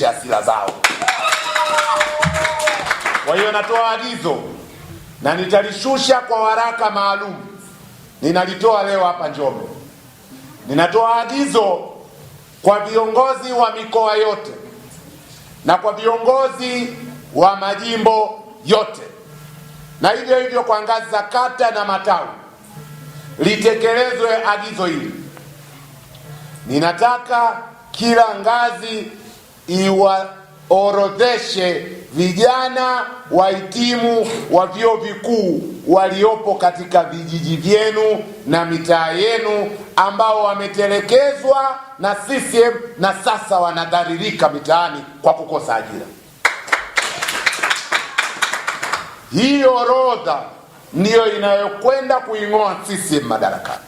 waonyeshe hasira zao. Kwa hiyo natoa agizo na nitalishusha kwa waraka maalum, ninalitoa leo hapa Njombe. Ninatoa agizo kwa viongozi wa mikoa yote na kwa viongozi wa majimbo yote, na hivyo hivyo kwa ngazi za kata na matawi, litekelezwe agizo hili. Ninataka kila ngazi iwaorodheshe vijana wahitimu wa vyuo vikuu waliopo katika vijiji vyenu na mitaa yenu ambao wametelekezwa na CCM na sasa wanadharirika mitaani kwa kukosa ajira. Hii orodha ndiyo inayokwenda kuing'oa CCM madarakani.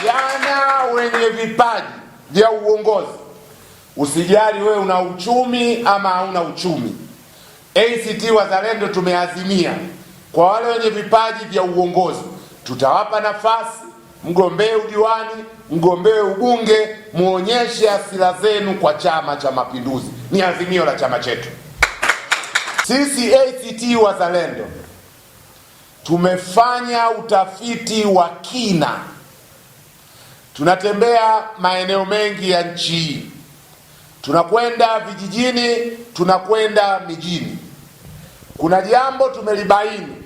Vijana wenye vipaji vya uongozi Usijali wewe una uchumi ama hauna uchumi. ACT Wazalendo tumeazimia kwa wale wenye vipaji vya uongozi tutawapa nafasi, mgombee udiwani, mgombee ubunge, muonyeshe asira zenu kwa Chama cha Mapinduzi. Ni azimio la chama chetu. Sisi ACT Wazalendo tumefanya utafiti wa kina, tunatembea maeneo mengi ya nchi hii tunakwenda vijijini, tunakwenda mijini. Kuna jambo tumelibaini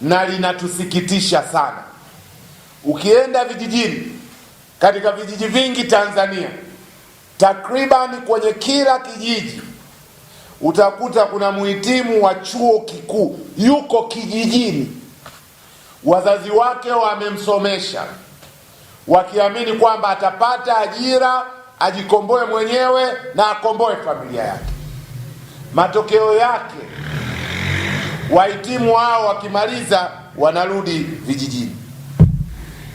na linatusikitisha sana. Ukienda vijijini, katika vijiji vingi Tanzania, takriban kwenye kila kijiji utakuta kuna mhitimu wa chuo kikuu yuko kijijini, wazazi wake wamemsomesha wakiamini kwamba atapata ajira ajikomboe mwenyewe na akomboe familia yake. Matokeo yake wahitimu hao wakimaliza wanarudi vijijini.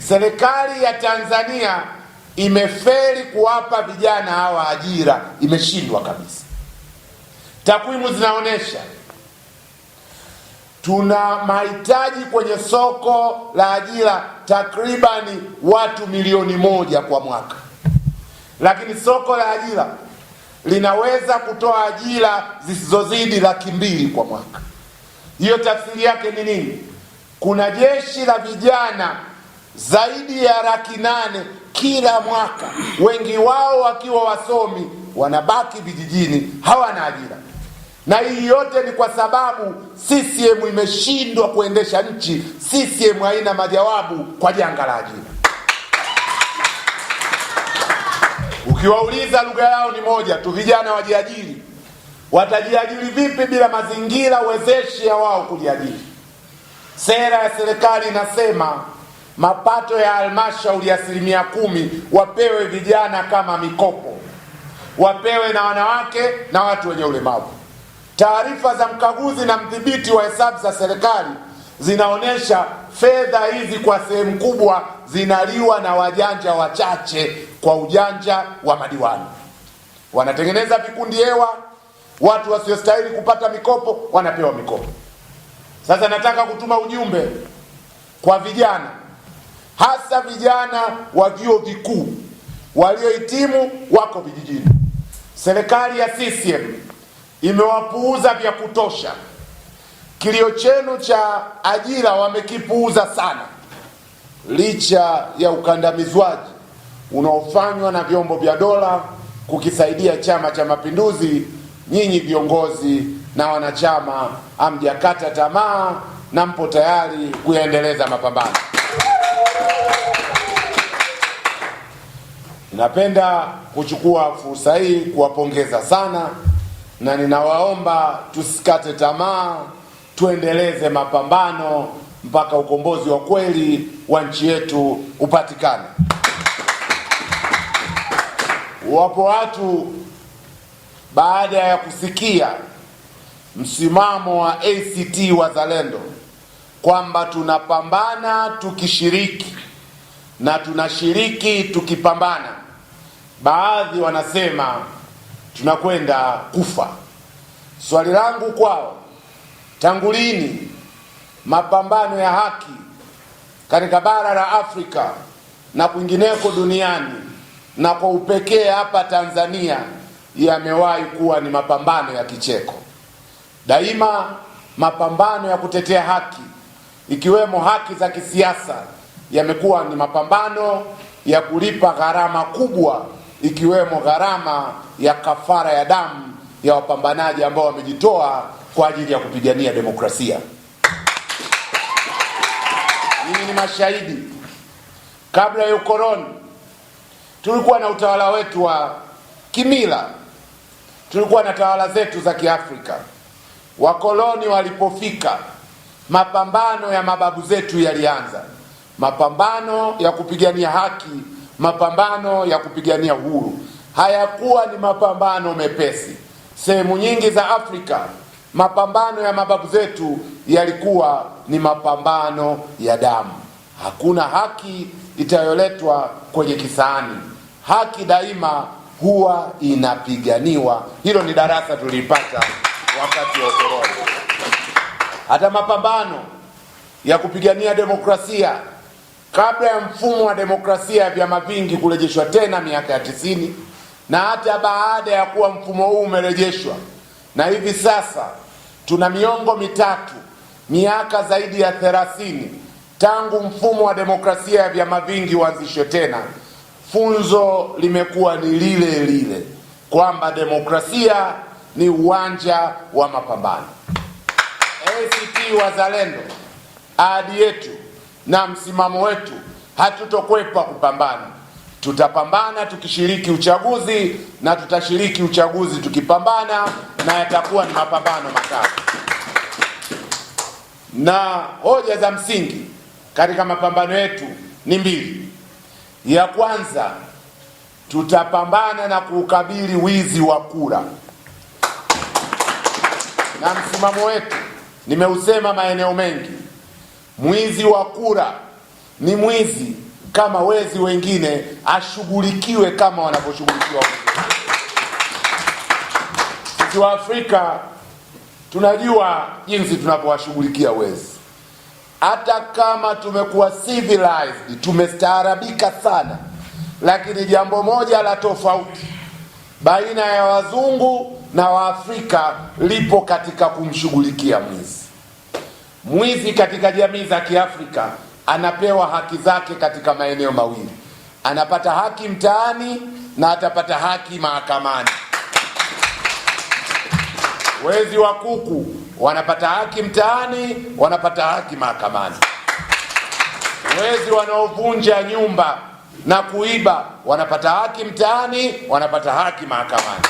Serikali ya Tanzania imefeli kuwapa vijana hawa ajira, imeshindwa kabisa. Takwimu zinaonyesha tuna mahitaji kwenye soko la ajira takribani watu milioni moja kwa mwaka lakini soko la ajira linaweza kutoa ajira zisizozidi laki mbili kwa mwaka. Hiyo tafsiri yake ni nini? Kuna jeshi la vijana zaidi ya laki nane kila mwaka, wengi wao wakiwa wasomi, wanabaki vijijini, hawana ajira. Na hii yote ni kwa sababu CCM imeshindwa kuendesha nchi. CCM haina majawabu kwa janga la ajira. Ukiwauliza lugha yao ni moja tu, vijana wajiajiri. Watajiajiri vipi bila mazingira wezeshi ya wao kujiajiri? Sera ya serikali inasema mapato ya halmashauri asilimia kumi wapewe vijana kama mikopo, wapewe na wanawake na watu wenye ulemavu. Taarifa za mkaguzi na mdhibiti wa hesabu za serikali zinaonyesha fedha hizi kwa sehemu kubwa zinaliwa na wajanja wachache kwa ujanja wa madiwani. Wanatengeneza vikundi hewa, watu wasiostahili kupata mikopo wanapewa mikopo. Sasa nataka kutuma ujumbe kwa vijana, hasa vijana wa vyuo vikuu waliohitimu wako vijijini. Serikali ya CCM imewapuuza vya kutosha. Kilio chenu cha ajira wamekipuuza sana, licha ya ukandamizwaji unaofanywa na vyombo vya dola kukisaidia Chama cha Mapinduzi. Nyinyi viongozi na wanachama hamjakata tamaa na mpo tayari kuyaendeleza mapambano. Ninapenda kuchukua fursa hii kuwapongeza sana, na ninawaomba tusikate tamaa tuendeleze mapambano mpaka ukombozi wa kweli wa nchi yetu upatikane. Wapo watu baada ya kusikia msimamo wa ACT Wazalendo kwamba tunapambana tukishiriki na tunashiriki tukipambana, baadhi wanasema tunakwenda kufa. Swali langu kwao Tangu lini mapambano ya haki katika bara la Afrika na kwingineko duniani na kwa upekee hapa Tanzania yamewahi kuwa ni mapambano ya kicheko? Daima mapambano ya kutetea haki ikiwemo haki za kisiasa yamekuwa ni mapambano ya kulipa gharama kubwa ikiwemo gharama ya kafara ya damu ya wapambanaji ambao wamejitoa kwa ajili ya kupigania demokrasia. Mimi ni mashahidi, kabla ya ukoloni tulikuwa na utawala wetu wa kimila, tulikuwa na tawala zetu za Kiafrika. Wakoloni walipofika, mapambano ya mababu zetu yalianza, mapambano ya kupigania haki, mapambano ya kupigania uhuru. Hayakuwa ni mapambano mepesi. Sehemu nyingi za Afrika Mapambano ya mababu zetu yalikuwa ni mapambano ya damu. Hakuna haki itayoletwa kwenye kisahani. Haki daima huwa inapiganiwa. Hilo ni darasa tulipata wakati wa ukoloni. Hata mapambano ya kupigania demokrasia kabla ya mfumo wa demokrasia ya vyama vingi kurejeshwa tena miaka ya tisini na hata baada ya kuwa mfumo huu umerejeshwa na hivi sasa Tuna miongo mitatu, miaka zaidi ya thelathini tangu mfumo wa demokrasia ya vyama vingi uanzishwe tena, funzo limekuwa ni lile lile kwamba demokrasia ni uwanja wa mapambano. ACT Wazalendo, ahadi yetu na msimamo wetu, hatutokwepa kupambana tutapambana tukishiriki uchaguzi na tutashiriki uchaguzi tukipambana, na yatakuwa ni mapambano makali. Na hoja za msingi katika mapambano yetu ni mbili. Ya kwanza, tutapambana na kuukabili wizi wa kura, na msimamo wetu nimeusema maeneo mengi, mwizi wa kura ni mwizi kama wezi wengine, ashughulikiwe kama wanavyoshughulikiwa wengine. Sisi wa Afrika tunajua jinsi tunavyowashughulikia wezi, hata kama tumekuwa civilized, tumestaarabika sana, lakini jambo moja la tofauti baina ya wazungu na waafrika lipo katika kumshughulikia mwizi. Mwizi katika jamii za Kiafrika anapewa haki zake katika maeneo mawili, anapata haki mtaani na atapata haki mahakamani. Wezi wa kuku wanapata haki mtaani, wanapata haki mahakamani. Wezi wanaovunja nyumba na kuiba wanapata haki mtaani, wanapata haki mahakamani.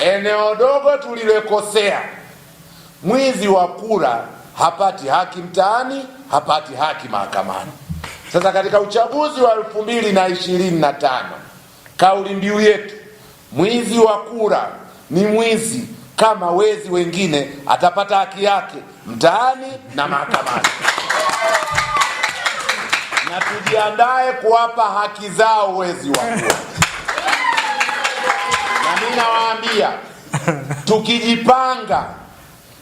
Eneo dogo tulilokosea, mwizi wa kura hapati haki mtaani hapati haki mahakamani. Sasa katika uchaguzi wa elfu mbili na ishirini na tano kauli mbiu yetu mwizi wa kura ni mwizi kama wezi wengine, atapata haki yake mtaani na mahakamani. na tujiandae kuwapa haki zao wezi wa kura. Na mimi nawaambia tukijipanga,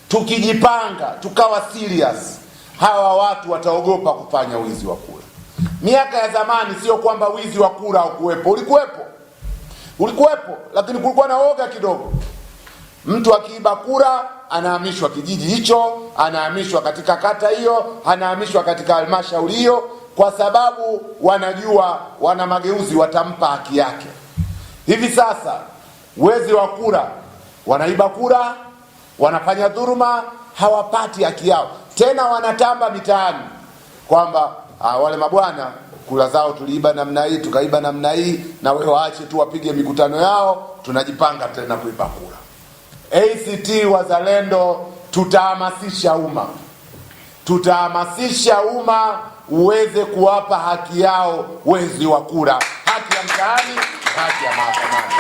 tukijipanga tukawa serious hawa watu wataogopa kufanya wizi wa kura. Miaka ya zamani, sio kwamba wizi wa kura haukuwepo, ulikuwepo, ulikuwepo, lakini kulikuwa na oga kidogo. Mtu akiiba kura anahamishwa kijiji hicho, anahamishwa katika kata hiyo, anahamishwa katika halmashauri hiyo, kwa sababu wanajua wana mageuzi watampa haki yake. Hivi sasa wezi wa kura wanaiba kura, wanafanya dhuruma hawapati haki yao tena wanatamba mitaani kwamba ah, wale mabwana kula zao tuliiba namna hii tukaiba namna hii, na wewe waache tu wapige mikutano yao, tunajipanga tena kuiba kura. ACT Wazalendo tutahamasisha umma, tutahamasisha umma uweze kuwapa haki yao wezi wa kura, haki ya mtaani, haki ya mahakamani.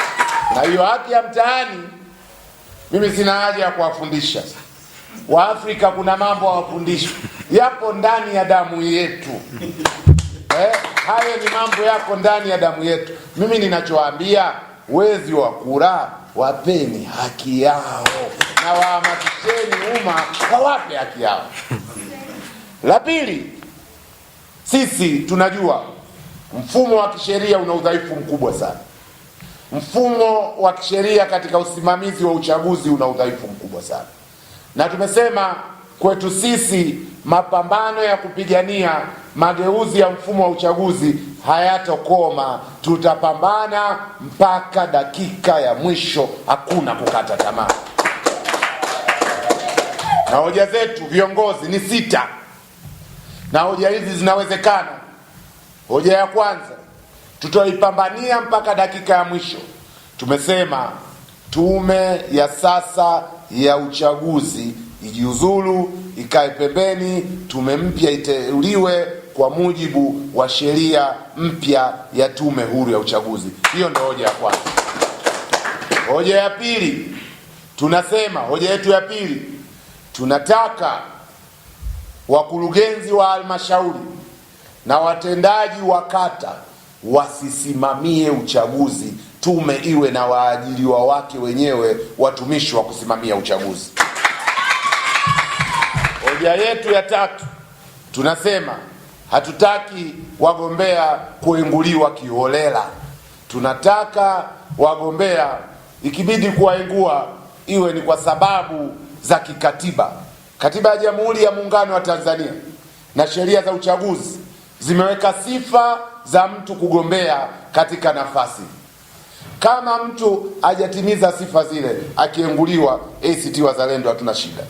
Na hiyo haki ya mtaani, mimi sina haja ya kuwafundisha Waafrika kuna mambo hawafundishwi, yapo ndani ya damu yetu eh, hayo ni mambo yako ndani ya damu yetu. Mimi ninachowaambia wezi wa kura, wapeni haki yao na wahamasisheni umma wawape haki yao. La pili, sisi tunajua mfumo wa kisheria una udhaifu mkubwa sana. Mfumo wa kisheria katika usimamizi wa uchaguzi una udhaifu mkubwa sana na tumesema kwetu sisi mapambano ya kupigania mageuzi ya mfumo wa uchaguzi hayatokoma. Tutapambana mpaka dakika ya mwisho, hakuna kukata tamaa. Na hoja zetu viongozi ni sita, na hoja hizi zinawezekana. Hoja ya kwanza tutaipambania mpaka dakika ya mwisho. Tumesema tume ya sasa ya uchaguzi ijiuzulu, ikae pembeni, tume mpya iteuliwe kwa mujibu wa sheria mpya ya Tume Huru ya Uchaguzi. Hiyo ndio hoja ya kwanza. Hoja ya pili, tunasema hoja yetu ya pili, tunataka wakurugenzi wa halmashauri na watendaji wa kata wasisimamie uchaguzi tume iwe na waajiriwa wake wenyewe watumishi wa kusimamia uchaguzi. Hoja yetu ya tatu, tunasema hatutaki wagombea kuinguliwa kiholela. Tunataka wagombea ikibidi kuwaingua iwe ni kwa sababu za kikatiba. Katiba ya Jamhuri ya Muungano wa Tanzania na sheria za uchaguzi zimeweka sifa za mtu kugombea katika nafasi kama mtu hajatimiza sifa zile, akienguliwa, ACT Wazalendo hatuna shida.